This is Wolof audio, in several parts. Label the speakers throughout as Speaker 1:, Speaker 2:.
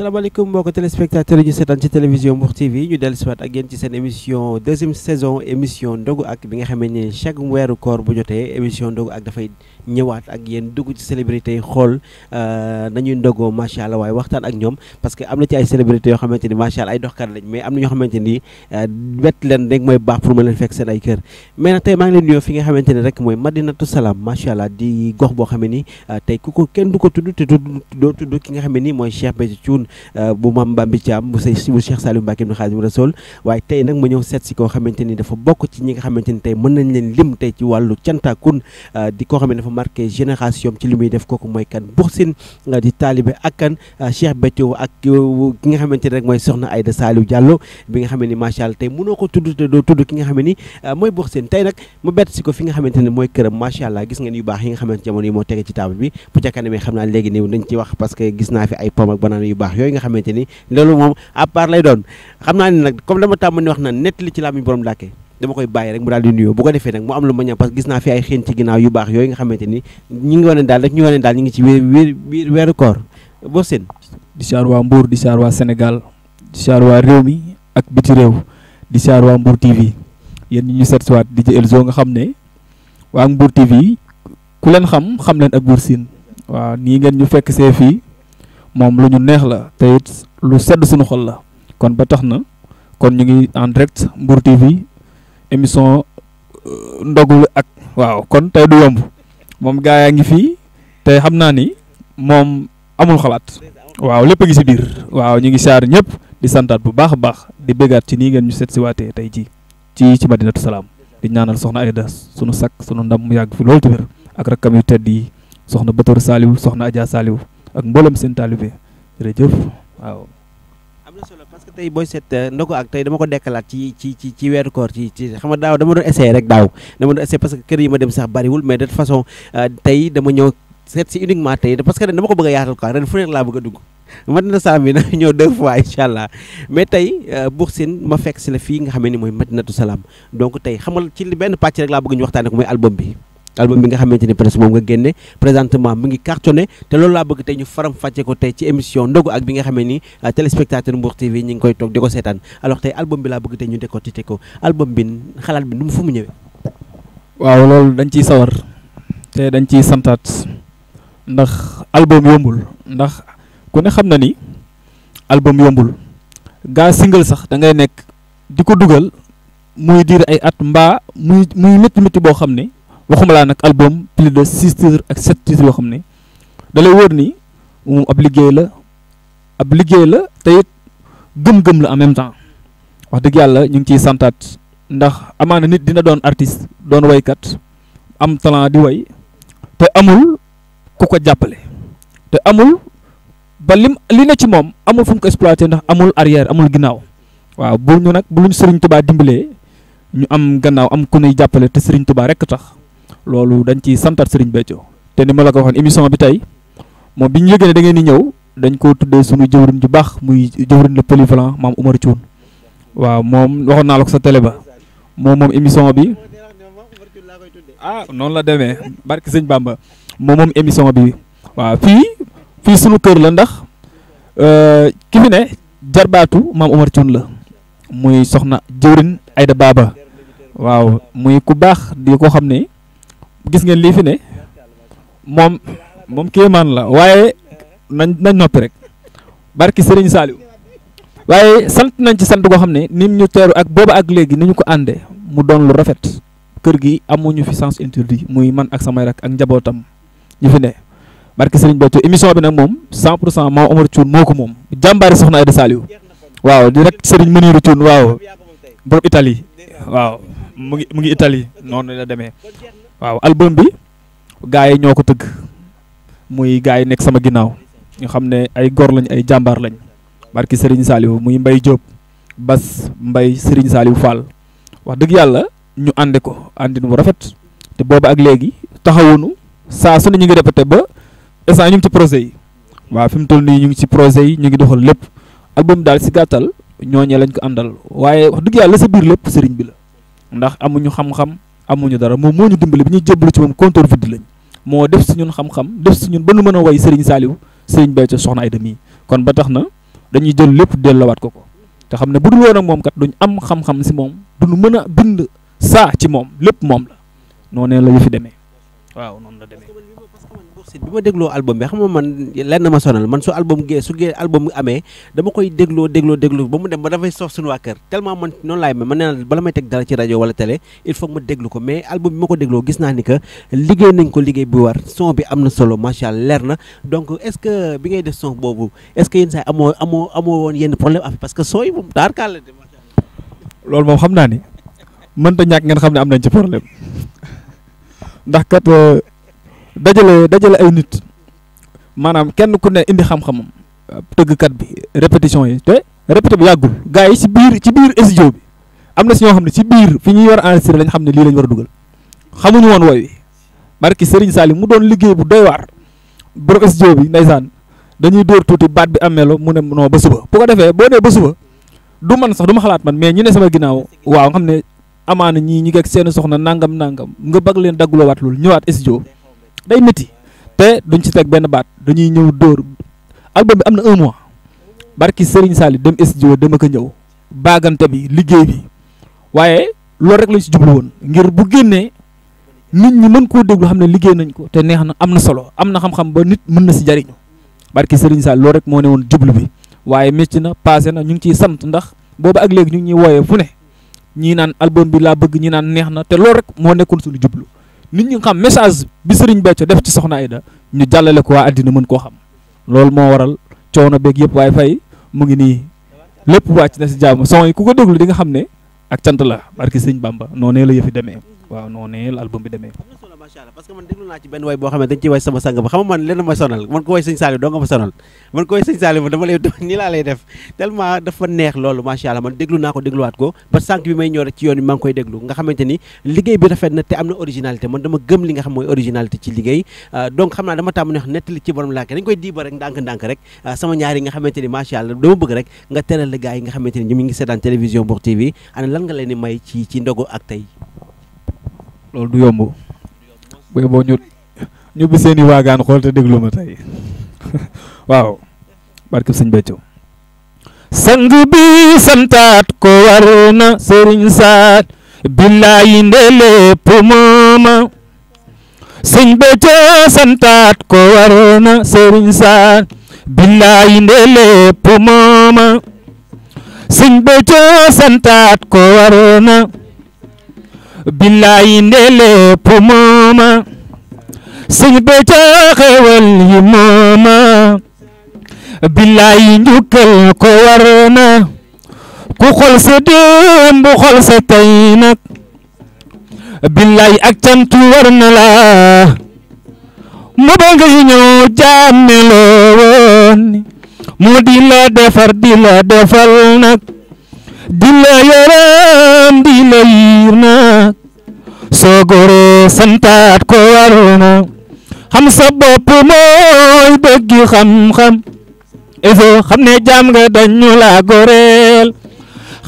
Speaker 1: salaamaaleykum mbokki téléspectateurs yi ñu seetaan ci télévision Mbour TV ñu allons siwaat ak yéen ci émission deuxième saison émission d'ogu ak bi nga xamee chaque mois koor bu jotee émission d'ogu ak dafay ñëwaat ak yeen dugg ci célébrité xol euh nañuy ndogoo machallah way waxtaan ak ñom parce que amna ci ay célébrité yo xamanteni machallah ay lañ mais amna na xamanteni wet ni euh, leen rek moy baax pour ma leen fekk sen ay kër mais nag tey maa ngi leen nuyoo fi nga xamanteni rek moy madinatu salam machallah di gox bo xam ni euh, tey ku kenn du ko tudd te do tuddu ki nga xam ni Cheikh Béthio Euh, bu Mame Bambi Thiam bu bu Cheikh Saliou Mbacké ibn Khadim Rasoul waaye tey nag ma ñëw seet si koo xamante ni dafa bokk ci ñi nga xamante ni tey mën nañ leen lim tey ci wàllu cantakun euh, koo xam ne dafa marqué génération ci li muy def kooku mooy kan Buur Sine euh, di taalibe ak kan Cheikh Béthio ak ki nga xamante ni rek mooy soxna Aïda Saliou Diallo bi nga xam ne macha allah tey mënoo ko tudd te doo tudd ki nga xam ne mooy Buur Sine tey nag ma bett si ko fi nga xamante ne yu baax yi nga xamante jamono yi moo tege ci table bi bu ca xam naa léegi ni dañ ci wax parce que gis naa fi ay pom ak yu baax yooyu nga xamante ni loolu moom à part lay doon xam naa ne nag comme dama tàmm ni wax na nett li ci laa mi borom dàkkee dama koy bàyyi rek mu daal di nuyoo bu ko defee nag mu am lu ma ñaan parce que gis naa fi ay xeen ci ginnaaw yu baax yooyu nga xamante ni ñi ngi wane daal daal ñi ngi ci wéer wéer weeru koor boo seen di siyaar waa Mbour di siyaar waa Sénégal di siyaar waa réew mi ak biti réew di siyaar waa Mbour TV
Speaker 2: yéen ñi ñu seet siwaat di jël Elzo nga xam ne waa Mbour TV ku leen xam xam leen ak Bour Sine waaw ñu fekk see fii mom luñu neex la te it lu sedd suñu xol la kon ba tax kon ñu ngi en direct Mbour TV émission euh, ndogul ak waaw kon tey du yomb moom gaa yaa ngi fii te xam naa ni moom amul xalaat waaw lépp gi si biir waaw ñu ngi ñëpp di santaat bu baax bah, baax di bégaat ci nii ngeen ñu seet si waatee tey ji ci ci madinatu salaam di ñaanal soxna Aida sunu sak sunu ndam mu yàgg fi loolu tamit ak rakkam yu tedd yi soxna Batoor saliw soxna Adja saliw ak mboolem seen taalibe jërëjëf
Speaker 1: waaw. am na solo parce que tey booy seet euh, ndogu ak tey dama ko dekkalaat ci ci ci ci weeru koor ci ci xam nga daaw dama doon essayé rek daaw dama doon essayé parce que kër yi ma dem sax bariwul mais de toute façon euh, tey dama ñëw seet si uniquement tey parce que ren dama ko bëgg a yaatal quoi ren fu nekk laa bëgg a dugg. Madina Sam bi na ñëw deux fois incha allah mais tey euh, Bour Sine ma fekk si la fii nga xam ne ni mooy Madinatu Salaam donc te xamal ci benn pàcc rek laa bëgg ñu waxtaanee ko mooy album album bi nga xamante ni presque moom nga génne présentement mu ngi cartonné te loolu laa bëgg tey ñu faram fàcce ko tey ci émission ndogu ak bi nga xamee ni euh, téléspectateur Mbour TV ñi ngi koy toog di ko alors tey album bi laa bëgg tey ñu décortiquer ko album bi xalaat bi nu mu fu mu ñëwee. waaw loolu dañ ciy sawar te dañ ciy
Speaker 2: santaat ndax album yombul ndax ku ne xam na ni album yombul Ga single sax da ngay nekk di ko dugal muy diir ay at mbaa muy muy métti métti boo xam waxuma laa nag album plus de six titres ak sept titres yoo xam ne da lay wóor ni moom ab liggéey la ab liggéey la te gëm-gëm la en même temps wax dëgg yàlla ñu ngi ciy santaat ndax na nit dina doon artiste doon woykat am talent di woy te amul ku ko jàppale te amul ba lim li ne ci moom amul fu mu ko exploité ndax amul arrière amul ginnaaw waaw bu ñu nag bu luñ Serigne Touba dimbalee ñu am gannaaw am ku nuy jàppale te Serigne Touba rekk tax loolu dañ ci santat sëriñ Béthio te ni ma la ko waxoon émission bi tey moom bi ñu yëgee ne da ngeen di ñëw dañ ko tuddee suñu jëwriñ ju baax muy jëwriñ le polyvalent maam Oumar Thioune waaw moom waxoon naa la ko sa télé ba moom moom émission bi ah noonu la demee barki sëñ Bamba moom moom émission bi waaw fii fii sunu kër la ndax euh, ki fi ne jarbaatu maam Oumar Thioune la muy soxna jëwriñ Aïda baaba waaw muy ku baax di ko xam ne gis ngeen lii fi ne moom moom kéemaan la waaye nañ nañ noppi rek barki sëriñ Saliou waaye sant nañ ci sant goo xam ne ni ñu teeru ak booba ak léegi ni ñu ko àndee mu doon lu rafet kër gi amuñu fi sens interdit muy man ak sama rak ak njabootam ñu fi ne barki sëriñ Béthio émission bi nag moom 100 pour cent Mame Omar Thioune moo ko moom jàmbaari soxna Aïda Saliou waaw di sëriñ Muniru Thioune waaw borom itali waaw mu ngi mu ngi Italie noonu la demee waaw album bi gars yi ñoo ko tëgg muy gars yi nekk sama ginnaaw ñu xam ne ay gor lañ ay jàmbaar lañ barki Serigne Saliou muy mbay jóob Bas mbay Serigne Saliou Fall wax dëgg yàlla ñu àndi ko àndin bu rafet te booba ak léegi taxawunu saa su ne ñu ngi répété ba instant ñu ngi ci projet yi waaw fi mu toll nii ñu ngi ci projet yi ñu ngi doxal lépp album daal si gàttal ñoo ñooñee lañ ko àndal waaye wax dëgg yàlla sa biir lépp sëriñ bi la ndax amuñu xam-xam. amuñu dara moom moo ñu dimbali bi ñuy jébbalu ci moom compteur vide lañ moo def si ñun xam-xam def si ñun ba nu mën a way Serigne Saliou Serigne Béthio soxna Aïda mii kon ba tax na dañuy jël lépp delloowaat ko ko te xam ne bu dul woon ak moom kat duñ am xam-xam si moom duñu mën a
Speaker 1: bind saa ci moom lépp moom la noonee la yu fi demee
Speaker 3: waaw noonu la demee.
Speaker 1: si bi ma dégloo album bi xam nga man lenn ma sonal man su album gee su gee album amee dama koy dégloo dégloo dégloo ba mu dem ba dafay soof suñu waa kër tellement man noonu laay man nee na bala may teg dara ci rajo wala télé naa ko liggéey bi war son bi am na solo macha leer na donc est ce que bi ngay def son boobu est ce que yéen saa amoo amoo amoo woon yenn problème af parce que son yi moom taarkaal la de loolu moom xam naa ni
Speaker 2: mënta ñàkk ngeen xam ne am nañ ci problème dajale dajale ay nit maanaam kenn ku ne indi xam-xamam tëggkat bi répétition yi te répété bi yàggul gars yi ci biir ci biir studio bi am na si ñoo xam ne ci biir fi ñuy war a enregistré lañ xam ne lii lañ war a dugal xamuñu woon wooy wi barki Serigne Salim mu doon liggéey bu doy waar borom studio bi ndeysaan dañuy dóor tuuti baat bi am melo mu ne non ba suba bu ko defee boo nee ba suba du man sax du ma xalaat man mais ñu ne sama ginnaaw waaw nga xam ne amaana ñii ñi ngeeg seen soxna nangam nangam nga bëgg leen daggloowaat loolu ñëwaat studio day métti te duñ ci teg benn baat dañuy ñëw dóor album bi am na un mois barki Serigne Sall dem studio dama ko ñëw bagante bi liggéey bi waaye loolu rek lañ si jublu woon ngir bu génnee nit ñi mën koo déglu xam ne liggéey nañ ko te neex na am na solo am na xam-xam ba nit mën na si jariñu barki sëriñ Sall loolu rek moo ne woon jublu bi waaye métti na passé na ñu ngi ciy sant ndax boobu ak léegi ñu ngi ñuy wooyee fu ne ñii naan album bi laa bëgg ñii naan neex na te loolu rek moo nekkoon suñu jublu nit ñi xam message bi Serigne Bethio def ci soxna ayda ñu jàllale ko waa àddina mën koo xam loolu moo waral coono beeg yëpp waaye fay mu ngi nii lépp wàcc na si jàmm son yi ku ko déglu di nga xam ne ak cant la barki Sëñ
Speaker 1: Bamba noonee la yëfi demee. waaw noonu la album bi demee. am na
Speaker 3: solo macha allah parce que man déglu naa
Speaker 1: ci benn way boo xam ne dañ ciy way sama sang ba xam nga man lenn ma sonal man ko way sëñ Saliou doo nga ma sonal man ko way sëñ Saliou dama lay nii laa lay def tellement dafa neex loolu macha allah man déglu naa ko dégluwaat ko ba sànq bi may ñëw rek ci yoon bi maa ngi koy déglu nga xamante ni liggéey bi rafet na te am na originalité man dama gëm li nga xam mooy originalité ci liggéey euh, donc xam naa dama tàmm ne wax nettali ci borom làkk dañ koy diiba rek ndànk-ndànk rek euh, sama ñaar yi nga xamante ni macha allah dama bëgg rek nga teral la gars yi nga xamante ni ñu ngi seetaan télévision Mbour TV ana lan nga leen di may ci ci ndogu ak tey
Speaker 2: loolu du yomb bu yeboo ñu ñubbi seen i xool te déglu ma tey waaw barke sëñ Béthio
Speaker 4: sang santaat ko war na saat billaayi nde lépp mooma sëñ santaat ko war billaay nde lépp mooma sëñ ba ca yi mooma billaay njukkal ko war na ku xol sa démb xol sa tey nag billaay ak cantu war na la mu ba ngay ñëw jàmmeloo woon mu di la defar di la defal nag dina yaram dina yiir na soo goree santaat ko waruna xam sa bopp mooy bëggi xam-xam eso xam ne jaam nga dañu la goreel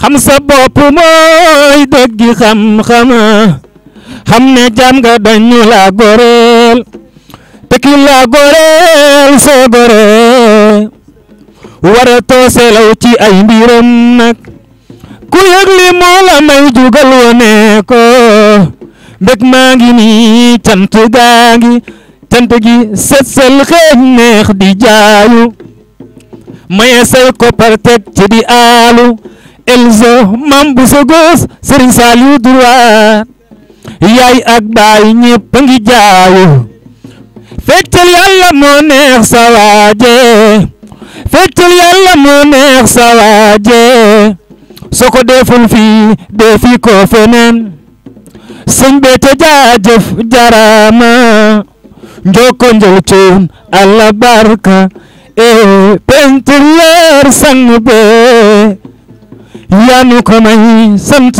Speaker 4: xam sa bopp mooy dëggi xam-xam xam ne jaam nga dañu la goreel te ki la goreel soo goree war a tooselaw ci ay mbiram nag ku yëg li moo la may jugal wone ko mbég maa ngi nii cant gaa ngi cant gi set sel xeeñ neex di jaayu maye say koppar teg ci di aalu elzo mam bu sa góos sëriñ Saliou droit yaay ak baay ñépp a ngi jaayu feccal yàlla moo neex sa waaje feccal yàlla moo neex sa waaje soo ko deful fii defi ko feneen sëñ te jaajëf jarama njoko njow coon allah barka e pentuleer sang be yanu may sant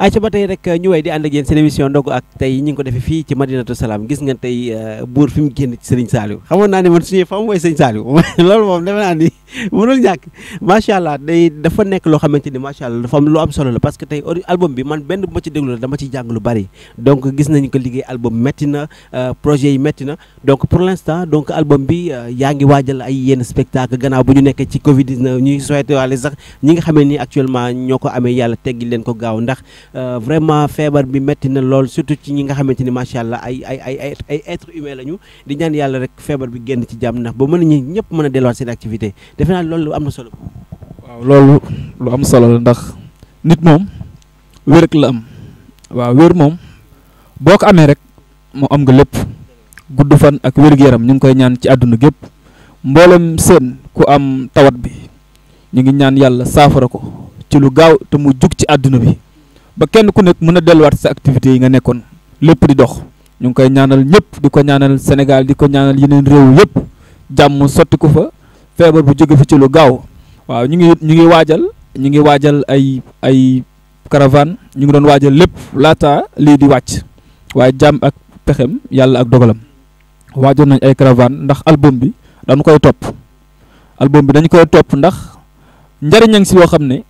Speaker 1: ay ca ba tey rek ñu way di ànd ak yéen seen émission ndogu ak tey ñu ngi ko defee fii ci Madinatu Salaam gis nga tey euh, buur fi génn ci Serigne ne loolu moom defe naa ni mënul ñàkk macha allah day dafa nekk loo xamante ni macha allah dafa am lu am solo la parce que tey album bi man benn bu ma ci déglu la dama ci jàng lu bari donc gis nañu ko liggéey album métti na euh, projet yi métti na donc pour l'instant donc album bi euh, yaa ngi waajal ay yenn spectacle gannaaw bu ñu nekkee ci Covid 19 ñuy souhaité waale sax ñi nga xamee ni actuellement ñoo ko amee yàlla teggi leen ko gaaw ndax Euh, vraiment feebar bi metti na lool surtout ci ñi nga xamante ni macha allah ay ay ay ay ay être humain lañu di ñaan yàlla rek feebar bi génn ci jàmm ndax ba mën na ñi ñëpp mën a delluwaat seen activité defe naa loolu na solo.
Speaker 2: loolu lu am solo la ndax nit moom wér
Speaker 1: la am waaw wér moom
Speaker 2: boo ko amee rek moo am nga lépp gudd fan ak wér yaram ñu ngi koy ñaan ci àdduna gépp mboolem seen ku am tawat bi ñu ngi ñaan yàlla saafara ko ci lu gaaw te mu jug ci àdduna bi ba kenn ku nekk mën a delluwaat sa activités yi nga nekkoon lépp di dox ñu ngi koy ñaanal ñëpp di ko ñaanal Sénégal di ko ñaanal yeneen réew yëpp jàmm sotti ko fa feebar bu jóge fi ci lu gaaw waaw ñu ngi ñu ngi waajal ñu ngi waajal ay ay caravane ñu ngi doon waajal lépp laata lii di wàcc waaye jàmm ak pexem yàlla ak dogalam waajal nañ ay caravane ndax album bi dañ koy topp album bi dañ koy topp ndax njariñ a si yoo xam ne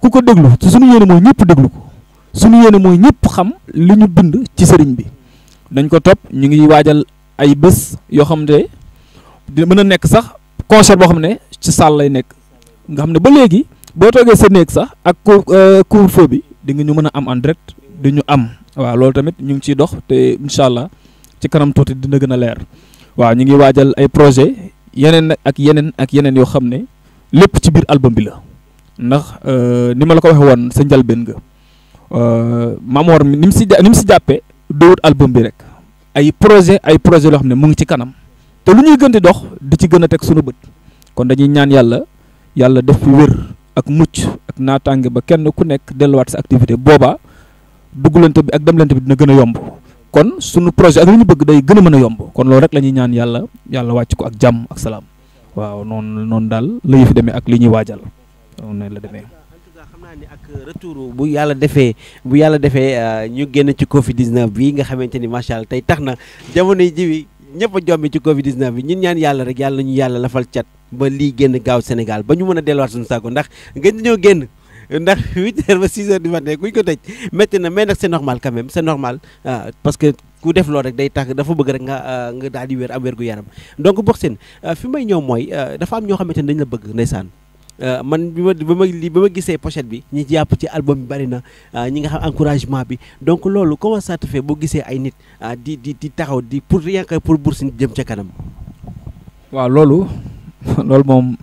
Speaker 2: ku ko déglu ci sunu yéene mooy ñëpp déglu ko suñu yéene mooy ñëpp xam li ñu bind ci sëriñ bi dañ ko topp ñu ngi waajal ay bés xam ne di mën a nekk sax concert boo xam ne ci salle lay nekk nga xam ne ba léegi boo sa sax ak euh, couvre-feu bi di nga ñu am en direct di ñu am waaw loolu tamit ñu ngi ciy dox te incha allah ci kanam tuuti dina gën a leer waaw ñu ngi waajal ay projet yeneen ak yeneen ak yeneen yoo xam ne lépp ci biir album bi la ndax euh, ni ma la ko waxee woon sa nga Euh, Mamor mi ni mu si ni mu si jàppee dowut album bi rek ay projet ay projet loo xam ne mu ngi ci kanam te lu ñuy gën di dox di ci gën a teg sunu bët kon dañuy ñaan yàlla yàlla def fi wér ak mucc ak naataange ba kenn ku nekk delluwaat sa activité boobaa dugglante bi ak demlante bi dina gën a yomb kon sunu projet ak lu ñu bëgg day gën a mën a yomb kon loolu rek la ñuy ñaan yàlla yàlla wàcc ko ak jàmm
Speaker 1: ak salaam waaw noonu noonu daal la yëfi demee ak li ñuy waajal noonu la demee. naa ni ak retour bu yàlla defee bu yàlla defee euh, ñu génn ci Covid 19 bi nga xamante ni macha allah tey tax na jamono ji bi ñëpp a jombi ci Covid 19 bi ñun ñaan yàlla rek yàlla ñu yàlla lafal cat ba lii génn gaaw Sénégal ba ñu mën a delluwaat suñu saako ndax gën ñoo génn. ndax 8 heures ba 6 heures du matin kuñ ko tëj métti na mais nag c'est normal quand même c'est normal euh, parce que ku def loolu rek day tax dafa bëgg rek nga euh, nga daal di wér am wér gu yaram donc Bour Sine fi may ñëw mooy dafa am ñoo xamante ne dañ la bëgg ndeysaan Euh, man bi ma ba ma li ba ma gisee pochette bi ñi jàpp ci album bi bari na euh, ñi nga xam encouragement bi donc loolu comment ça fait boo gisee ay nit euh, di di taxaw di pour rien que pour Bour Sine jëm ca kanam. waaw loolu loolu moom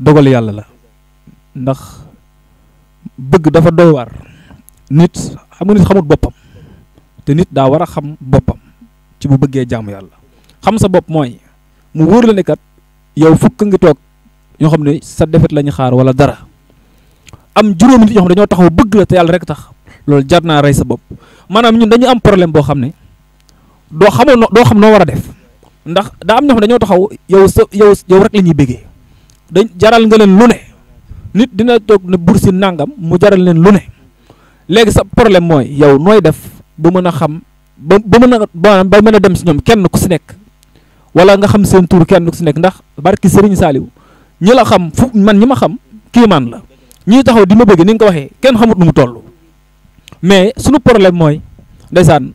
Speaker 1: dogal yàlla la ndax
Speaker 2: bëgg dafa doy waar nit xam nit xamut boppam te nit daa war a xam boppam ci bu bëggee jaamu yàlla xam sa bopp mooy mu wóor la ne yow fukk ngi toog. ñoo xam ne sa defet lañu xaar wala dara am juróomi nit ñoo xam ne dañoo taxaw bëgg la te yàlla rek tax loolu jar naa rey sa bopp maanaam ñun dañu am problème boo xam ne doo xamoon doo xam noo war a def ndax daa am ñoo xam ne dañoo taxaw yow sa yow yow rek la ñuy bëggee dañ jaral nga leen lu ne nit dina toog ne buur si nàngam mu jaral leen lu ne léegi sa problème mooy yow nooy def ba mën a xam ba ba mën a ba mën a dem si ñoom kenn ku si nekk wala nga xam seen tur kenn ku si nekk ndax barki Serigne Saliou ñi la xam fu man ñi ma xam man la ñuy taxaw di ma bëggee ni nga ko waxee kenn xamut nu mu toll mais suñu problème mooy ndeysaan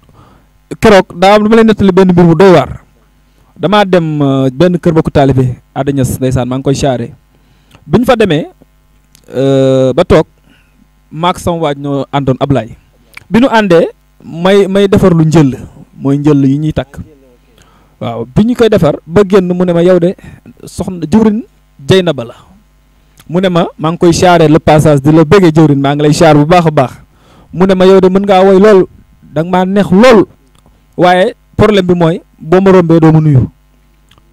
Speaker 2: keroog daa am lu ma leen benn mbir mu doy waar damaa dem euh, benn kër bokku taalibe Adañas ndeysaan maa ngi koy charré bi ñu fa demee euh, ba toog maak sama waaj ñoo àndoon Ablaye bi nu àndee may may defar lu njël mooy njël yi ñuy takk waaw bi ñu koy defar ba génn mu ne ma yow de soxna jëwriñ Jeynaba la mu ma maa share koy siyaare le passage di le bege jëwrin mang lay siyaar bu baakha baax ma yow de mën nga woy lol dag ma maa neex lool waaye problème bi moy bo ma rombe do mu nuyu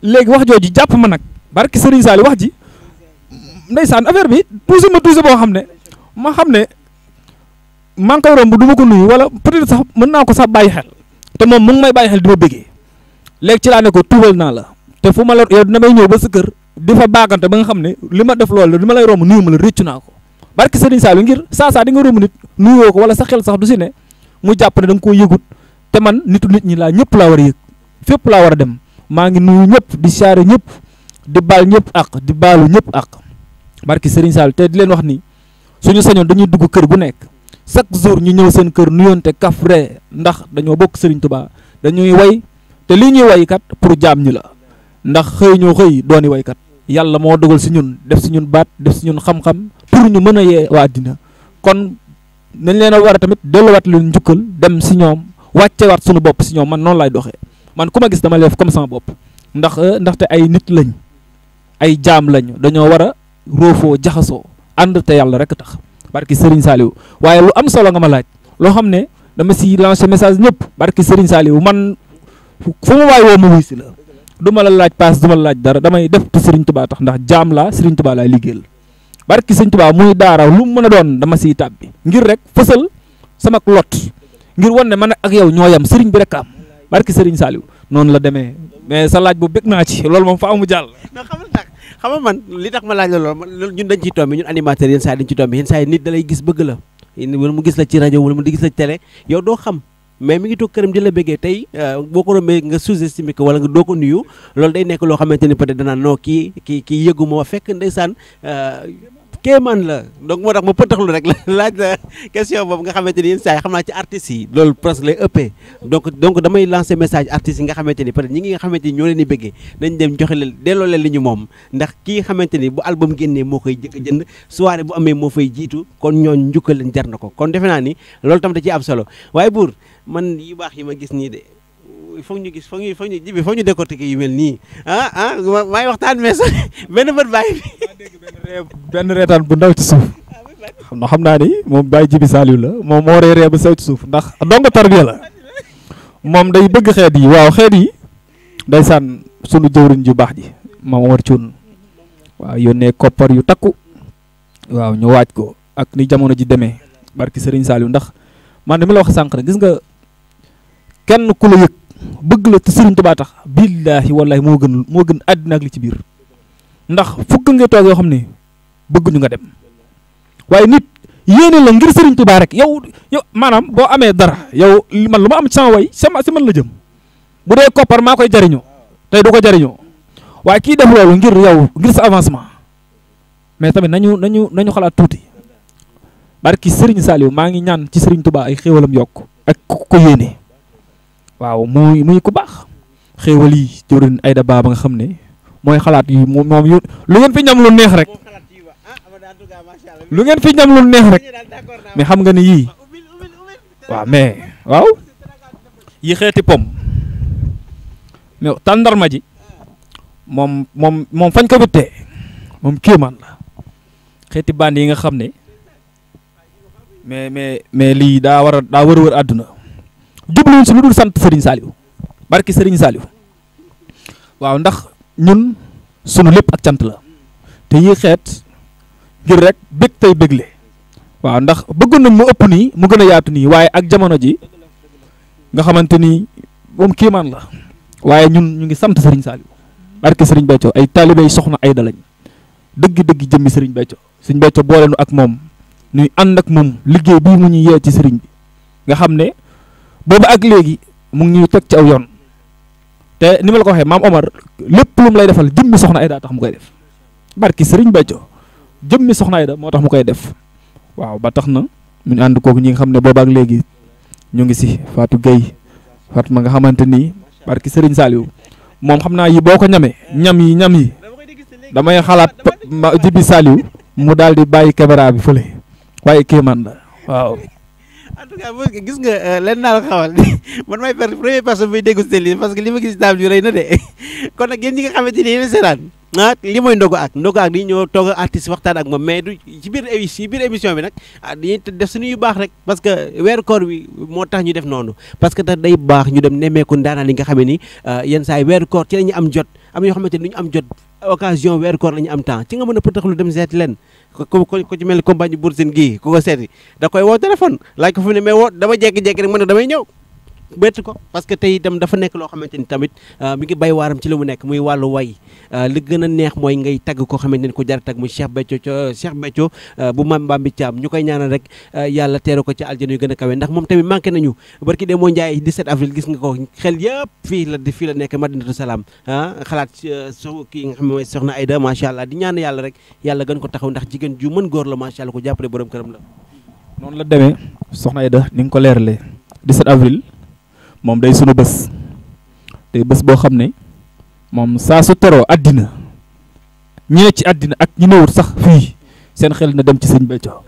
Speaker 2: wax joji japp ma nak barki Serigne Sali wax ji ndaysan affaire bi tuusi ma tuusi bo xamne ma xamne mang koy romb duma ko nuyu wala peut-être sax mën na ko sa baye xel te mom mu ngi may baye xel di ma ci la ne ko tuubal na la te fuma la yow dina may ba sa keur di fa baagante ba nga xam ne li ma def loolu la li ma lay romb nuyu ma la réccu naa ko barki sëriñ Saliou ngir saa saa di nga romb nit nuyoo ko wala sa xel sax du si ne mu jàpp ne da nga koo yëgut te man nitu nit ñi laa ñëpp laa war a yëg fépp laa war a dem maa ngi nuyu ñëpp di saare ñëpp di baal ñëpp ak di baalu ñëpp ak barki sëriñ Saliou te di leen wax ni suñu sañoon dañuy dugg kër gu nekk chaque jour ñu ñëw seen kër nuyoonte kaf ree ndax dañoo bokk sëriñ Tuubaa dañuy way te lii ñuy way pour jaam la ndax xëy ñoo xëy dooni woykat yàlla moo dogal si ñun def si ñun baat def si ñun xam-xam pour ñu mën a yee waa àddina kon nañ leen a war a tamit delluwaat leen njukkal dem si ñoom wàccewaat suñu bopp si ñoom man noonu laay doxee man ku ma gis dama leef comme sama bopp ndax euh, ndaxte ay nit lañ ay jaam lañ dañoo war a roofoo jaxasoo ànd te yàlla rek tax barki Serigne Saliou waaye lu am solo nga ma laaj loo xam ne dama si lancer message ñëpp barki Serigne Saliou man fu ma si duma la laaj paas du ma la laaj dara damay def te Serigne Touba tax ndax jaam laa Serigne Touba laay liggéeyal barki Serigne tubaa muy daara lu mu mën a doon dama siy bi ngir rek fësal sama lot ngir wan ne man ak yow ñoo yam
Speaker 1: Serigne bi rek am barki Serigne Saliou noonu la demee
Speaker 2: mais sa laaj bu bég naa ci loolu moom faaw mu jàll.
Speaker 1: non xam nga xam nga man li tax ma laaj la loolu ñun dañ ciy tombé ñun animateurs yenn saa yi dañ ciy tombé yenn saa yi nit da gis bëgg la mu gis la ci rajo wala mu gis la ci télé doo xam. mais mi ngi toog këram di la bëggee tey euh, boo ko rombee nga sous-estimé ko wala nga doo ko nuyu lool day nekk loo xamante ni peut-être danaan non kii kii kii yëguma fekk ndeysaan euh, kéemaan la donc moo tax ma pëtaxlu rek la laaj la question boobu nga xamante ni saa xam naa ci artistes yi loolu presque lay ëppee donc donc damay lancer message artistes yi nga xamante ni peut être ñi nga xamante ni ñoo leen di bëggee nañ dem joxe leen delloo leen li ñu moom ndax kii xamante ni bu album génnee moo koy jëkk jënd soirée bu amee moo fay jiitu kon ñooñ njukkal leen jar na ko kon defe naa ni loolu tam da ciy am solo waaye buur man yu bax yi ma gis nii de fo ñu gis fo ñu fo ñu jibi fo ñu décortiquer yu mel nii ah ah may waxtaan mais ben benn bay bàyyi bi benn
Speaker 2: reetaan bu ndaw ci suuf xamna xamna ni mom bay jibi saaliw la mom mo ree ba sew ci suuf ndax donga tarbiya la moom day bëgg xéet yi waaw xéet yi day san sunu jëwriñ ju bax ji mam war ciun waaw yónnee koppar yu takku waaw ñu waaj ko ak ni jamono ji démé barki serigne saaliw ndax man dama la wax sank rek gis nga kenn ku la yëg bëgg la te serigne touba tax billahi wallahi moo gën moo gën àddina ak li ci biir ndax fukk nga toog yoo xam ne bëgguñu nga dem waaye nit yéene la ngir serigne touba rek yow yow maanaam boo amee dara yow man lu ma am ci sama way sama si man la jëm bu dee koppar maa koy jariñu tey du ko jariñu waaye kii def loolu ngir yow ngir sa avancement mais tamit nañu nañu nañu xalaat tuuti barki serigne saliw maa ngi ñaan ci serigne touba ay xéewalam yokk ak ko yéene waaw muy muy ku baax xéewal yi jëwrin Aida Ba nga xam ne mooy xalaat yi moom yu lu ngeen fi ñam lu neex rek lu ngeen lu neex rek mais xam nga ni yii waaw mais waaw yi xeeti pom mais tàndarma ji moom moom moom fañ ko bittee moom kéemaan la xeeti band yi nga xam ne mais mais mais lii daa war a daa wër wër àdduna jubluwuñ si lu dul sant Serigne Saliou barki sëriñ Saliou waaw ndax ñun sunu lépp ak cant la te yii xeet ngir rek bég tey bégle waaw ndax bëggoon nañ mu ëpp nii mu gën a yaatu nii waaye ak jamono ji nga xamante ni moom kiimaan la waaye ñun ñu ngi sant Serigne Saliou barki sëriñ Béthio ay taalibe soxna ay dalañ dëgg dëgg jëmmi Serigne Béthio Serigne Béthio boole ak moom ñuy ànd ak moom liggéey bii mu ñuy yee ci sëriñ bi nga xam ne. boobu ak léegi mu ngi teg ci aw yoon te ni ma la ko waxee maam Omar lépp lu mu lay defal jëmmi soxna Aida tax mu koy def barki sëriñ Béthio jëmmi soxna Aida moo tax mu koy def waaw ba tax na ñu ànd kook ñi nga xam ne boobu ak léegi ñu ngi si Fatou géy Fatou ma nga xamante ni barki sëriñ Saliou moom xam naa yi boo ko ñamee ñam yi ñam yi damay xalaat jibi Saliou mu daal di bàyyi caméra bi fële waaye kéemaan la
Speaker 1: waaw. en tout gis nga euh, leen naa la xawal man may parce que li ma gis table bi rëy na de kon nag yéen ñi nga xamante ni yéen seetaan ah li mooy ndogu ak ndogu ak di ñoo toog artiste waxtaan ak moom mais du ci biir émission bi nag ah, def suñu yu baax rek parce que weer koor bi moo tax ñu def noonu parce que tax day baax ñu dem nemmeeku ndaanaan li nga xam ne ni euh, yenn saa weer weeru koor ci la am jot am yoo xamante ni du ñu am jot occasion weer koor la ñu am temps ci nga mën a pëtaxlu dem seeti ko ko ci mel ni compagnie Bour Sine gii ku seeti da koy woo téléphone laaj ko fu mu ne mais woo dama jékki-jékki rek mën a damay ñëw bett ko parce que tay dem dafa nek lo xamanteni tamit euh, mi ngi bay waram ci limu nek muy walu way euh, li gëna neex moy ngay tag ko xamanteni ko jar tag mu Cheikh Béthio euh, Cheikh Béthio bu mam bambi Thiam ñukay ñaanal rek yalla téré ko ci aljana yu gën a ndax mom tamit manké nañu barki de moo 17 avril gis nga ko xel yépp fi la fi la nek madinatu salam ah xalaat so ki nga xam moy soxna Aida sha allah di ñaan yalla rek yalla gën ko taxaw ndax jigen ju mën gor la sha allah ko jappalé borom kërëm la non la démé
Speaker 2: soxna Aida ni nga ko lérlé 17 avril moom day sunu bés day bés boo xam ne moom saa su teroo àddina ñi ne ci àddina ak ñi newut sax fii seen xel na dem ci sëñ Béthio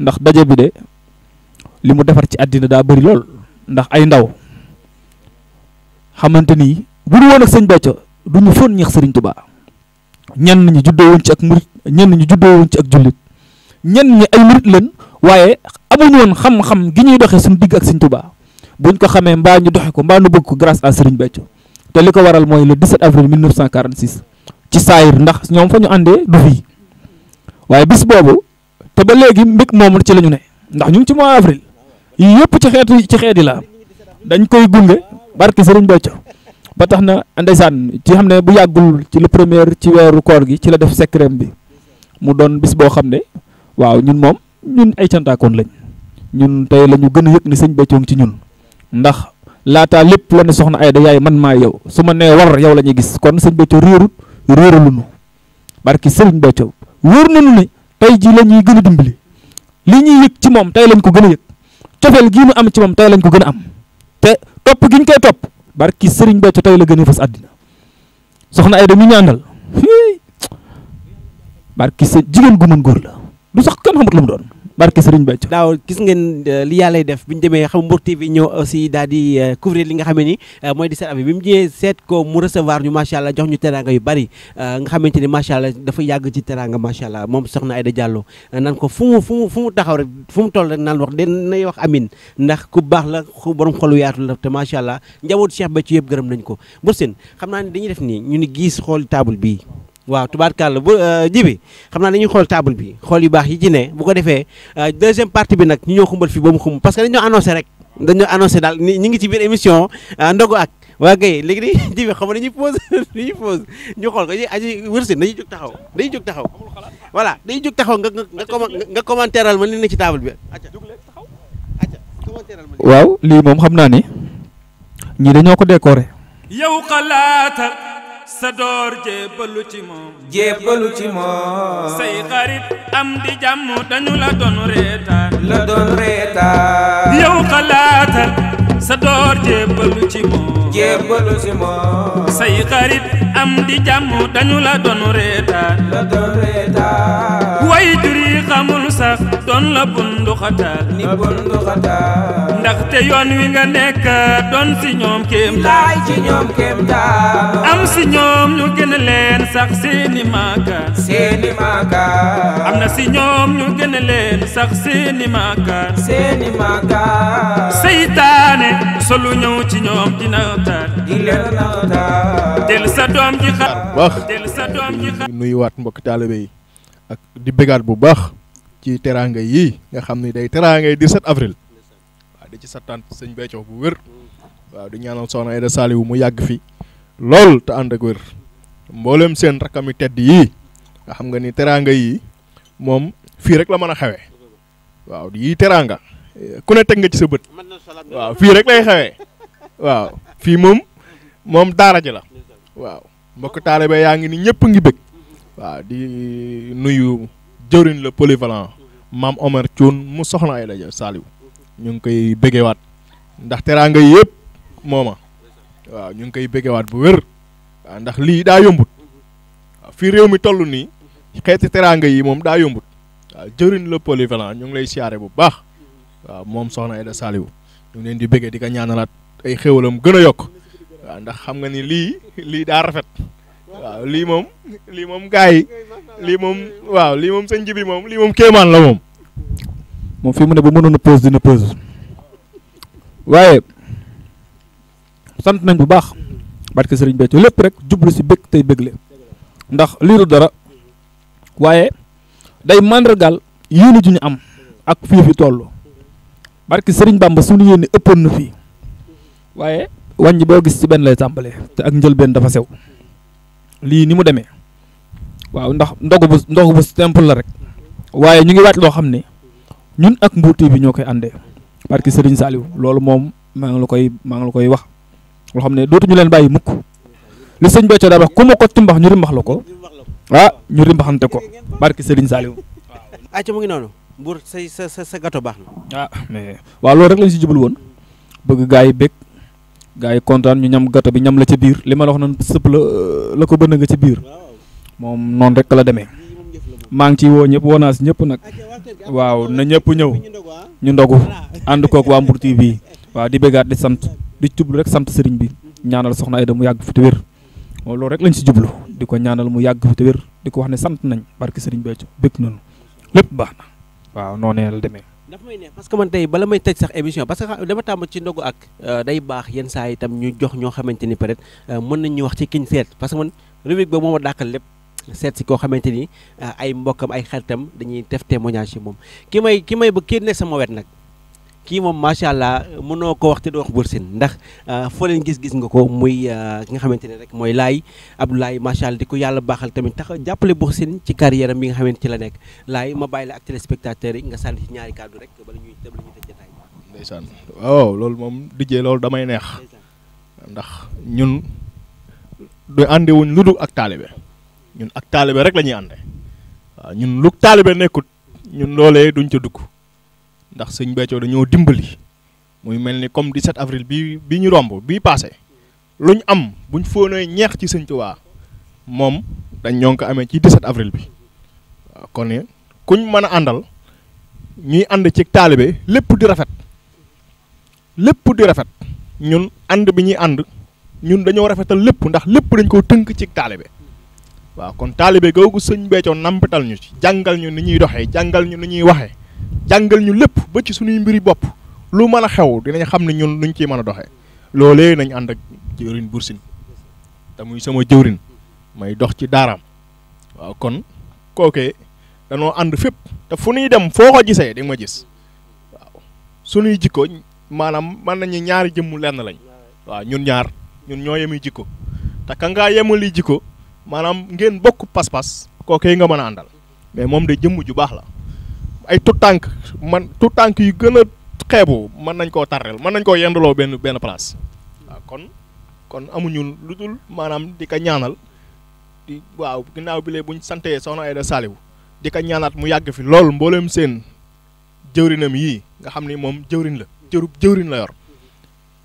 Speaker 2: ndax daje bi de li mu defar ci àddina daa bëri lool ndax ay ndaw xamante ni bu ñu woon ak sëñ Béthio du ñu foon ñeex sëriñ tubaa ñenn ñi juddoo wuñ ci ak murit ñenn ñi juddoo wuñ ci ak jullit ñenn ñi ay murit leen waaye amuñu woon xam-xam gi ñuy doxee suñu digg ak sëñ Tuubaa bu buñ ko xamee mbaa ñu doxe ko mbaa nu bëgg ko grâce à Serigne Béthio te li ko waral mooy le 17 avril 1946 ci saayir ndax ñoom fa ñu àndee du fii waaye bis boobu te ba léegi mbig moom ci lañu ne ndax ñu ci mois avril yii ci xeetu ci xeet yi la dañ koy gunge barke Serigne Béthio ba tax na ndeysaan ci xam ne bu yàggul ci la premier ci weeru koor gi ci la def secret bi mu doon bis boo xam ne waaw ñun moom ñun ay cantaakoon lañ ñun tey la ñu gën a yëg ni sëñ Béthio ci ñun ndax laataa lépp la ne soxna Ayda yaay man maa yow su ma nee war yow la ñuy gis kon sëñ Béthio réerut réeralunu barki sëriñ Béthio wóor nañu ne tey ji la ñuy gën a dimbali li ñuy yëg ci moom tey lañ ko gën a yëg cofeel gii ñu am ci moom tey lañ ko gën a am te topp gi ñu koy topp barki sëriñ Béthio tey la gën a fës àddina soxna Ayda mi ñaanal barki sëñ jigéen gu mën góor la
Speaker 1: du sax kenn xamut lu mu doon barke Sëriñ Bàcc daaw gis ngeen euh, li yàllay def bi ñu demee xam Mbour TV ñëw aussi daal di euh, couvrir li nga xam ne ni euh, mooy di seet abi bi mu ñëwee seet ko mu recevoir ñu macha allah jox ñu teranga yu bari nga xamante ni macha allah dafa yàgg ci teranga macha allah moom soxna Aïda Diallo nan ko fu mu fu mu taxaw rek fu mu toll rek naan wax den nay wax amin ndax ku baax la ku borom xolu yaatu la te macha allah njaboot Cheikh Bàcc yëpp gërëm nañ ko Mbour Sène xam naa ne dañuy def nii ñu ni gis xool table bii waaw tubaarkàlla bu jibi euh, xam naa dañuy xool table bi xool yu baax yi ci ne bu ko defee euh, deuxième parti bi nag ñu ñoo xumbal fii ba mu xumb parce que dañoo annoncé rek dañoo annoncé daal ni ñu ngi ci biir émission euh, ndogu ak waa kay léegi di jibi xam nga dañuy pause dañuy pause ñu xool ko aji wërsin dañuy jóg taxaw dañuy jóg taxaw voilà dañuy jóg taxaw nga nga commentéral ma li ne ci table bi
Speaker 2: waaw lii moom xam naa ni ñii dañoo ko décoré
Speaker 5: sa door am di jàmm dañu la doon reetaan la doon reetaan yow xalaatal sa door jébbalu ci moom jébbalu ci moom say xarit xamul sax doon la bundu ndaxte yoon wi nga nekk doon ci ñoom kéem taay am si ñoom ñu gën leen sax seeni maaka am na si ñoom ñu gën leen sax seeni maaka seytaane solu ñëw ci ñoom dina taal di leen nawtaal del sa doom ji xa baax del sa
Speaker 6: mbokk taalibe yi ak di bégaat bu baax ci teraanga yii nga xam ni day teraangay 17 avril di ci sattant sëñ Béthio bu wër waaw di ñaanal ay da Saliou mu yag fi lol ta and ak wër mboolem seen rakami tedd yi nga xam nga ni teranga yi mom fi rek la mëna xewé xewee waaw teranga teraanga ku ne tek nga ci sa bëtt waaw fi rek lay xewé waaw fi mom mom dara ji la waaw mbokk talibé yaa ngi ni ñepp ngi bëgg waaw di nuyu jëwriñ la polyvalent mam Omar tion mu soxna ñu ngi koy wat ndax teranga yépp moma waaw ñu ngi koy wat bu wër ndax li da yombut fi réew mi tollu ni xeeti teranga yi moom da yombut jëriñ polyvalent ñu ngi lay siaré bu baax waaw moom soxna da Saliou ñu leen di bëggee di ko ñaanalat ay xéewalam gën a yokk waaw ndax xam nga ni lii lii daa rafet waaw lii moom lii moom gaay lii waaw lii moom jibi moom lii moom kéemaan la moom moom fii mu ne bu mënoon a pause dina pause waaye
Speaker 2: sant nañ bu baax barke Serigne Béthio lépp rek jublu si bëgg tey bëggle ndax liiru dara waaye day màndargaal yéene ju ñu am ak fii fi toll barke Serigne Bamba suñu yéene ëppoon na fii waaye wàññi boo gis ci benn lay tàmbalee te ak njël benn dafa sew lii ni mu demee waaw ndax ndogu bu ndogu bu simple la rek waaye ñu ngi waaj loo xam ne. ñun ak mbouti bi ñokay andé barki serigne saliw lolu mom ma ngi wah koy ma ngi la koy wax lo xamné dootu ñu leen bayyi mukk li serigne beccio da wax ku ko timbax ñu rimbax lako ah ñu rimbaxante ko barki serigne saliw
Speaker 1: ay ci mu ngi nonu mbur say sa sa gato baxna ah mais
Speaker 2: wa lolu rek lañ ci jubul won bëgg gaay bekk gaay contane ñu ñam gato bi ñam la ci biir lima la wax non sepp la la ko bënd nga ci biir mom non rek la démé maa ngi ciy woo ñëpp woo naa si ñëpp nag waaw na ñëpp ñëw ñu ndogu ànd koog waa Mbour TV waaw di bëggaat di sant di jublu rek sant sëriñ bi ñaanal soxna Aida mu yàgg fi te wér di ko wax ne sant nañ barki sëriñ Béthio bëgg nañu lépp baax na waaw noonee demee.
Speaker 1: dafa man tey bala may tëj sax émission parce que dama tàmm ci ndogu ak euh, day baax yenn saa yi itam ñu jox ñoo xamante ni peut euh, mën nañ wax ci kiñ seet parce man rubrique ba moo ma dàqal lépp. seet si koo xamante ni ah, ay mbokkam ay xaritam dañuy def témoignage ci moom ki may ki may ba kenn sama wet nag kii moom macha allah mënoo ko wax te doo wax Bour Sine ndax ah, foo leen gis-gis nga ko muy ah, ki nga xamante ne rek mooy laay Abdoulaye macha allah di ko yàlla baaxal tamit tax jàppale Bour Sine ci carrière bi nga xamante ci la nekk laay ma bàyyi la ak téléspectateurs yi nga sànni ci ñaari kàddu rek bala ñuy tëb la ñuy tëj
Speaker 6: loolu moom dijjee loolu damay neex ndax ñun du àndewuñ lu dul ak taalibe ñun ak talibé rek lañuy andé ñun lu talibé nekkut ñun lolé duñ ci dugg ndax seigne bëccio dañoo dimbali muy melni comme 17 avril bi bi ñu rombu bi passé luñ am buñ foonoy ñeex ci seigne tuwa mom dañ ñonko amé ci 17 avril bi koné kuñ mëna andal ñuy and ci talibé lepp di rafet lepp di rafet ñun and bi ñi and ñun dañoo rafetal lepp ndax lepp dañ ko teunk ci talibé waaw kon taalibe googu sëñ Béthio nampatal ñu ci jàngal ñu ni ñuy doxee jàngal ñu ni ñuy waxee jàngal ñu lépp ba ci suñuy mbiri bopp lu mën a xew dinañ xam ne ñun luñ ciy mën a doxee loolee nañu ànd ak jëwrin Boursine te muy sama jëwrin may dox ci daaraam waaw kon kookee danoo ànd fépp te fu ñuy dem foo ko gisee di ma gis waaw suñuy jikko maanaam mën nañu ñaari jëmm lenn lañ waaw ñun ñaar ñun ñoo yemi jikko te ka ngaa yemali jikko manam ngeen bokk pas-pas kookee nga mëna andal mais mom de jëm ju bax la ay tout tank man tout tank yu gëna xébu man nañ ko tarrel man nañ ko yendlo ben ben place ah, kon kon amuñu lu dul maanaam di ñaanal di waaw ginaaw bi lay buñ santee soxna Aida Saliou di ko ñaanat mu yagg fi lool mbooleem seen jëwrinam yi nga xamni mom la jëwrin la yor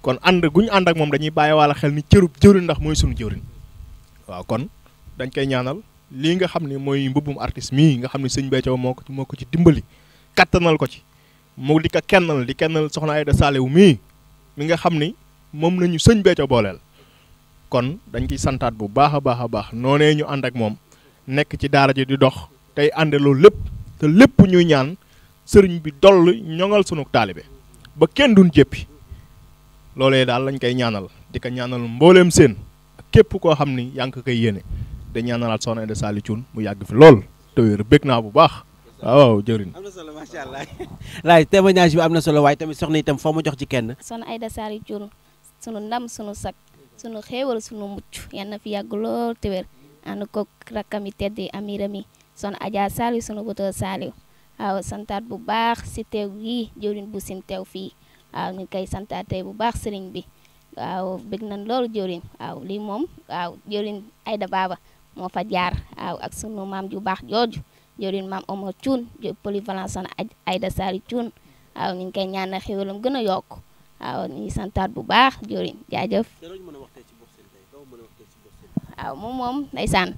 Speaker 6: kon and guñ and ak mom dañuy wala wala xel ni dah jëwrin ndax moy sunu jëwrin waaw kon dañ koy ñaanal li nga xamni moy mbubum artiste mi nga xamni seigne sëñ taw moko moko ci dimbali katanal ko ci mo di ka kennal di kennal soxna ay da salew mi nga xamni mom lañu seigne taw bolel kon dañ ci santat bu baax a baax noné ñu and ak mom nek ci daara ji di dox tay lo lepp te lepp ñu ñaan bi doll ñongal sunu talibé ba kenn duñ jéppi lolé dal lañ koy ñaanal di ka ñaanal mbooleem seen képp ko xamni yank kay yene dañ ñaanalaat soxna Aida
Speaker 1: Saliou Thioune mu yàgg fi lool te bëgg naa bu baax waaw jëriñ am na solo macha na solo waaye tamit soxna itam foo ma jox ci kenn
Speaker 7: soxna Aida Saliou Thioune sunu ndam sunu sag sunu xéewal sunu fi yàgg lool te wér ànd ko rakkami tedd amiram yi soxna Adja Saliou sunu santaat bu baax si teew yii bu sin teew fii waaw ñu bu baax sëriñ bi waaw bëgg nañ loolu jëriñ waaw lii moom moo fa jaar waaw ak sunu maam ju baax jooj jëriñ maam Omar Thioune jo polyvalence sana Aïda Sary Thioune waaw ñu ngi koy ñaanal xéwalam gën a yokk waaw ngi santaat bu baax jëriñ jaajëf waaw moom moom ndeysaan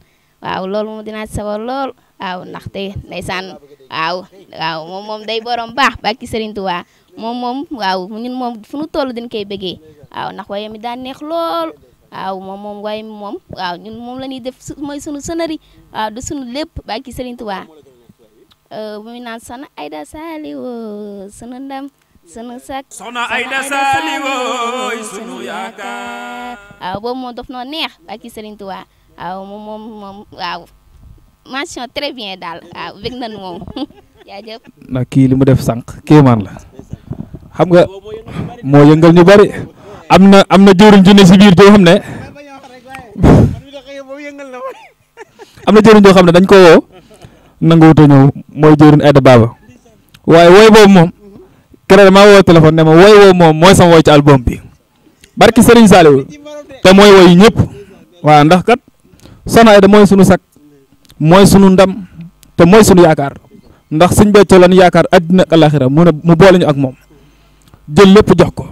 Speaker 7: waaw loolu moom dinaa ci sawar lool waaw ndaxte ndeysaan waaw waaw moom moom day borom baax bàkki Serigne Touba moom moom ñun moom fu nu toll dañ koy bëggee waaw ndax waaye mi daan neex lool waaw moom moom waaye moom waaw ñun moom la def su mooy sunu sonari waaw du sunu lépp bàkki Serigne Touba muy euh, naan soxna Aida Saliou sunu ndam sunu sak waaw boobu moom daf noo neex bàkki Serigne Touba waaw moom moom waaw mention très bien daal waaw bég nañ moom
Speaker 2: nag kii li mu def sànq kéemaan la xam nga moo yëngal ñu bari am na am na jëwriñ ju ne si biir joo xam ne am na jëwriñ joo xam ne dañ ko woo nanguwut a ñëw mooy jëwriñ Aïda Baba waaye woy boobu moom keroog maa woo téléphone ne ma woy woowu moom mooy sama woy ci album bi barki Serigne Saliou te mooy woy ñëpp waa ndax kat Soxna Aïda mooy sunu sakk mooy sunu ndam te mooy sunu yaakaar ndax suñ béccoo lan yaakaar àddina ak alaxira mu ne ak moom jël lépp jox ko.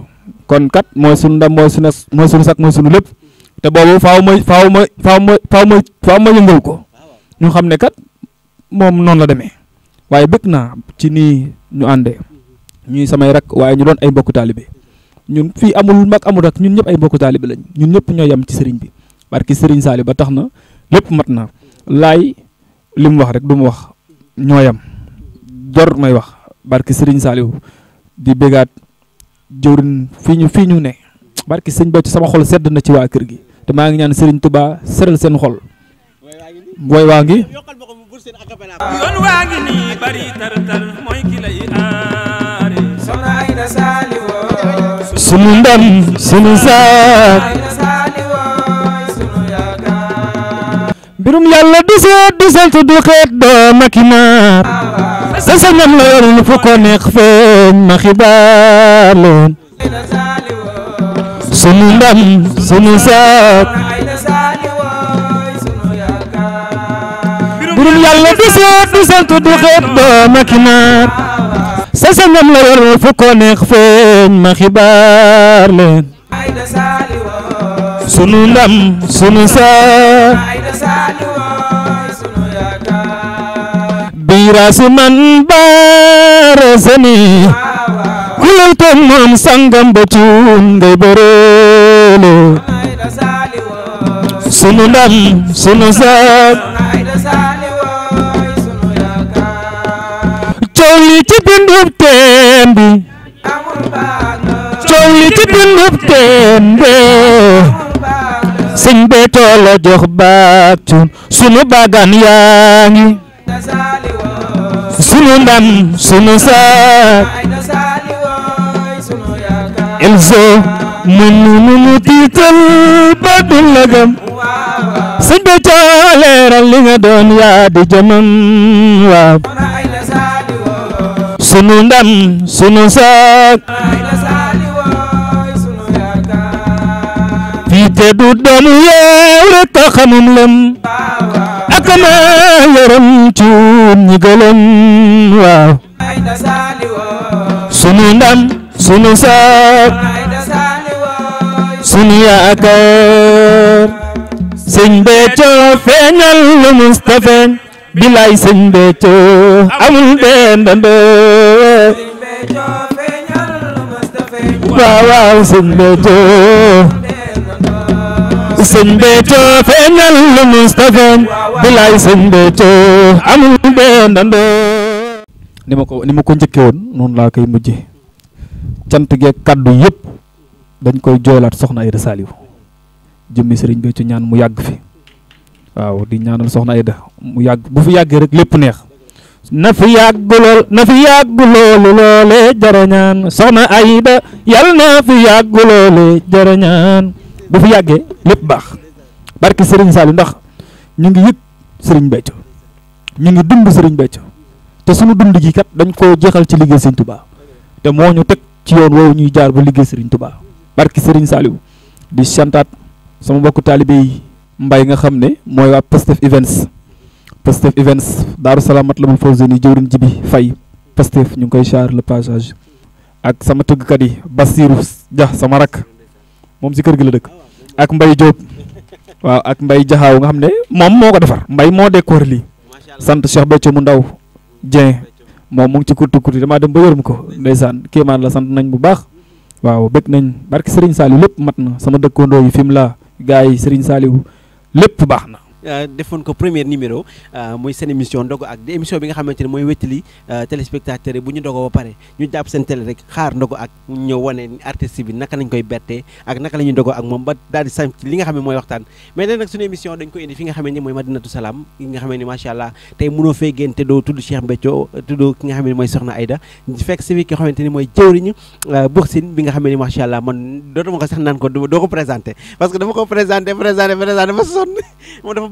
Speaker 2: kon kat mooy sunu ndam mooy sunu mooy sunu sak mooy sunu lépp te boobu faaw mooy faaw ma faaw ma faaw ma yëngal ko ñu xam ne kat moom noonu la demee waaye bëgg naa ci nii ñu àndee ñuy samay rak waaye ñu doon ay mbokku taalibe ñun fii amul mag amul rak ñun ñëpp ay mbokku taalibe lañ ñun ñëpp ñoo yem ci sëriñ bi barki sëriñ Saali ba tax na lépp mat na laay li mu wax rek du mu wax ñoo yam jor may wax barki sëriñ Saaliw di bégaat jëwrin fi ñu fii ñu ne barki sëñ Béthio sama xol sedd na ci waa kër gi te maa ngi ñaan Serigne Touba seral seen xol booy
Speaker 4: waa ngi yoon waa ngi nii mbirum yàlla deseet desal te du xeet doo ma kimaar sa sanam la yorul fu ko neex feeñ ma xibaar loon sunu ndam sunu saak mbirum yàlla deseet desal te du xeet doo ma kimaar sa sanam la yorul fu ko neex feeñ ma xibaar leen sunu ndam sunu saa biiraasu man baarasani kulal ko moom sangam ba cuun ngay bëreelo sunu ndam sunu coow li ci bindub teen bi sëñ be toolo jox baab cuun sunu bagan yaa ngi sunu ndam sunu saak elso mënu nu nu tiital ba dun la gëm sëñ be tooleeral li nga doon yaa di jëmam waaw sunu ndam sunu saak te du doomu yeew rek a xamum lëm ak ma yaram cuub ñi gëlëm waaw sunu ndam sunu saak sunu yaakaar sëñ Béthio feeñal lu Mustafa bilaay sëñ Béthio amul benn ndandoo waaw waaw sëñ Béthio sëñ Béthio feeñal lu Moustapha bilaay sëñ Béthio amul benn dandoo. ni ma ko ni ma ko njëkkee woon
Speaker 2: noonu laa kaddu yëpp dañ koy joolaat soxna Aida Saliou jëmmi sëriñ Béthio ñaan mu yàgg fi waaw di ñaanal soxna Aida
Speaker 4: mu yàgg bu fi yàggee rek lépp neex. na fi yàgg lool na fi yàgg loolu loole jërëñaan soxna Aida yàlla na fi yàgg loole jërëñaan bu fi yagge lepp bax barki Serigne sall ndax ñu ngi yëg Serigne
Speaker 2: beccu ñu ngi dund Serigne beccu te suñu dund gi kat dañ ko jeexal ci liggéey Serigne Touba te ñu ci yoon wo ñuy jaar bu liggéey Serigne Touba barki Serigne di santaat sama bokku talibé yi mbay nga xamné moy wa Pastef Events Pastef Events Daaru Salaam Matlabul Fawzeyni jëwriñ ji bi fay Pastef ñu ngi koy char le passage ak sama kat yi basirou jax sama rak moom si kër gi la dëkk ak Mbaye Diop waaw ak Mbaye Jaxaaw nga xam ne moom moo ko defar mbay moo décor lii sant Cheikh Béthio mu ndaw Dieng moom mu ci kurti kurti damaa dem ba yërëm ko ndeysaan kéemaan la sant nañ bu baax waaw bëgg nañ barki Serigne Saliou lépp mat na sama dëkkandoo yi fi mu laa gars yi Serigne Saliou lépp baax na
Speaker 1: Euh, defoon ko premier numéro euh, muy seen émission ndogu ak di émission bi nga xamante ne mooy wéttali euh, téléspectateurs yi bu ñu dogoo ba pare ñu jàpp seen télé rek xaar ndogu ak ñëw wane artiste bi naka lañ koy bertee ak naka la ñuy ak moom ba daal di sànq li nga xam ne mooy waxtaan mais léegi nag suñu émission dañ koy indi fi Salaam nga xamante ne macha tey mënoo fee génn te doo tudd Cheikh Mbethio tudd ki nga xam ne mooy Soxna Aida fekk si fi ki nga ni mooy jëwriñu Buur Sine bi nga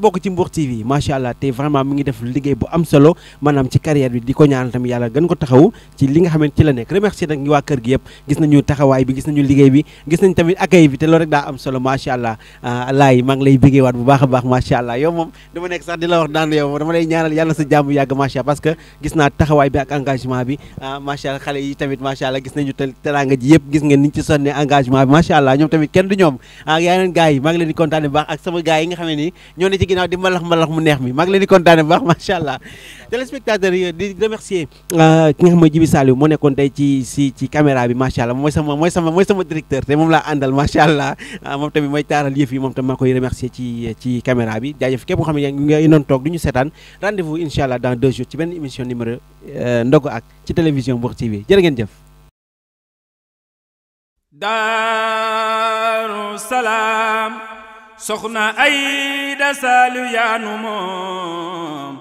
Speaker 1: bok ci Mbour TV sha allah te vraiment mi ngi def liguey bu am solo manam ci carrière bi diko ñaan tam yalla gën ko taxaw ci li nga xamanteni ci la nek remercier ñi wa kër gi yépp gis nañu taxaway bi gis nañu liguey bi gis nañ tamit accueil bi té rek da am solo sha allah ah, laay ma ngi lay bëggé waat bu baax ma sha allah yow mom dama nek sax di wax daan yow dama lay ñaanal yalla sa jàmm ma sha allah parce que gis na taxaway bi ak engagement bi ah, sha allah xalé yi tamit sha allah gis nañu teranga ji yépp gis ngeen ni ci sonne engagement bi sha allah ñom tamit kenn du ñom ak ah, yeneen gaay yi ngi leen di contane baax ak sama gaay yi nga ñoo ne ci ginnaaw di mbalax mbalax mu neex mi maa ngi leen di kontaane baax macha allah téléspectateurs yi di remercier euh, ki nga xam mooy Jibi Saliou moo nekkoon tey ci ci caméra bi macha allah mooy sama mooy sama directeur te moom laa àndal macha allah ah, moom tamit mooy taaral yëf yi moom tamit maa remercier ci ci bi jaajëf képp koo xam ne nga toog du seetaan rendez-vous allah dans deux jours ci benn émission numéro euh, ndogu ak ci télévision Mbour TV jërë ngeen
Speaker 5: da saalu yaanu moom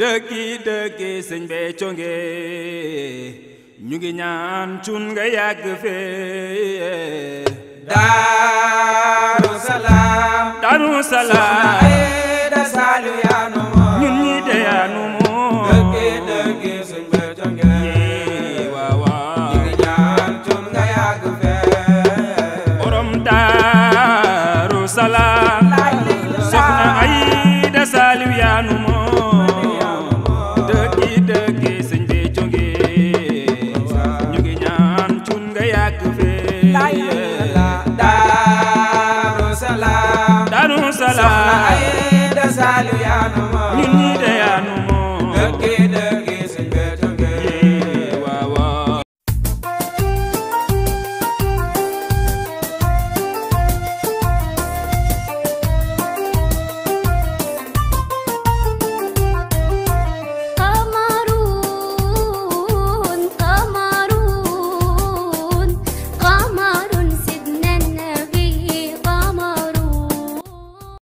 Speaker 5: dëkki dëkki sëñ bee conge ñu ngi ñaan cun nga yàgg fee daaru salaam daaru salaam